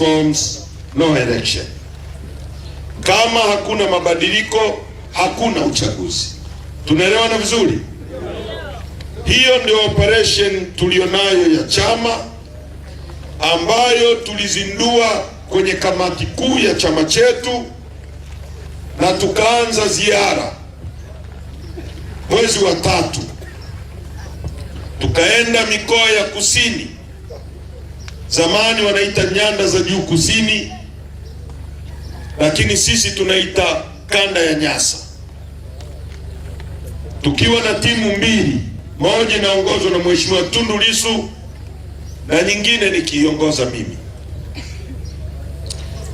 reforms no election. Kama hakuna mabadiliko hakuna uchaguzi. Tunaelewana vizuri? Hiyo ndio operation tulionayo ya chama ambayo tulizindua kwenye kamati kuu ya chama chetu, na tukaanza ziara mwezi wa tatu, tukaenda mikoa ya kusini zamani wanaita nyanda za juu kusini, lakini sisi tunaita kanda ya Nyasa, tukiwa na timu mbili, moja inaongozwa na Mheshimiwa Tundu Lissu na nyingine nikiongoza mimi.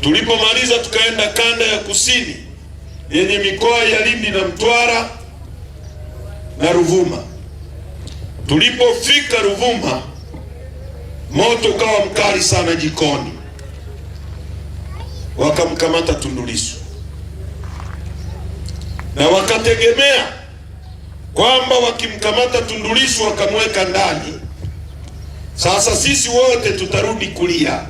Tulipomaliza tukaenda kanda ya kusini yenye mikoa ya Lindi na Mtwara na Ruvuma. Tulipofika Ruvuma moto ukawa mkali sana jikoni, wakamkamata Tundu Lissu na wakategemea kwamba wakimkamata Tundu Lissu wakamweka ndani, sasa sisi wote tutarudi kulia,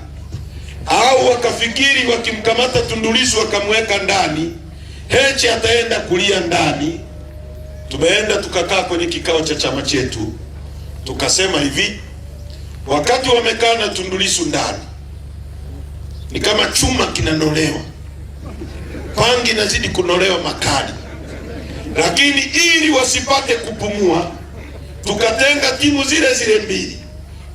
au wakafikiri wakimkamata Tundu Lissu wakamweka ndani, Heche ataenda kulia ndani. Tumeenda tukakaa kwenye kikao cha chama chetu tukasema hivi Wakati wamekaa na tundulisu ndani, ni kama chuma kinanolewa, pangi inazidi kunolewa makali. Lakini ili wasipate kupumua, tukatenga timu zile zile mbili,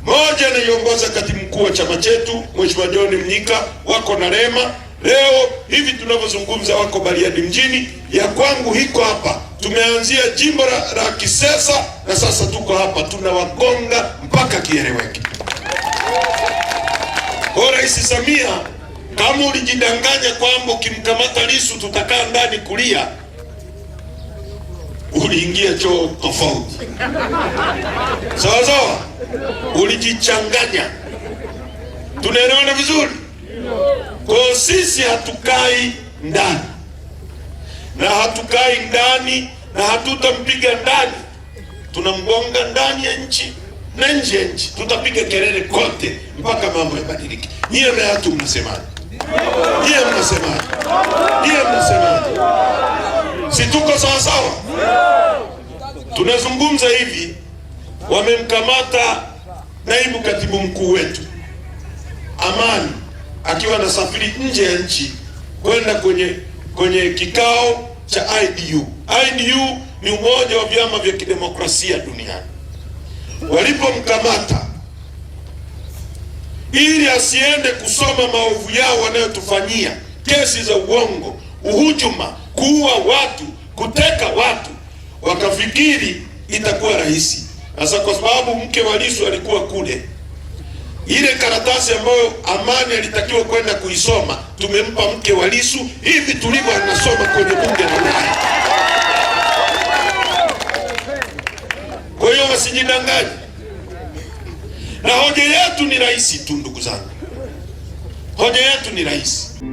moja anaiongoza katibu mkuu wa chama chetu Mheshimiwa John Mnyika, wako na Lema Leo hivi tunavyozungumza wako Bariadi mjini, ya kwangu hiko hapa. Tumeanzia jimbo la, la Kisesa na sasa tuko hapa tunawagonga mpaka kieleweke. Kwa Rais Samia, kama ulijidanganya kwamba ukimkamata lisu tutakaa ndani kulia, uliingia choo tofauti. Sawa sawa, ulijichanganya. Tunaelewana vizuri? Kwa sisi hatukai ndani na hatukai ndani na hatutampiga ndani, tunamgonga ndani ya nchi na nje ya nchi, tutapiga kelele kote mpaka mambo yabadilike. niye na watu mnasemaje? Nyie mnasemaje? Nyie mnasemaje? Si tuko sawa sawa? Tunazungumza hivi, wamemkamata naibu katibu mkuu wetu Amani akiwa anasafiri nje ya nchi kwenda kwenye kwenye kikao cha IDU. IDU ni umoja wa vyama vya kidemokrasia duniani walipomkamata ili asiende kusoma maovu yao wanayotufanyia, kesi za uongo, uhujuma, kuua watu, kuteka watu, wakafikiri itakuwa rahisi. Sasa kwa sababu mke wa Lissu alikuwa kule, ile karatasi ambayo Amani alitakiwa kwenda kuisoma tumempa mke wa Lissu hivi tulivyo, anasoma kwenye bunge la Ulaya. msijidanganye, na hoja yetu ni rahisi tu, ndugu zangu, hoja yetu ni rahisi.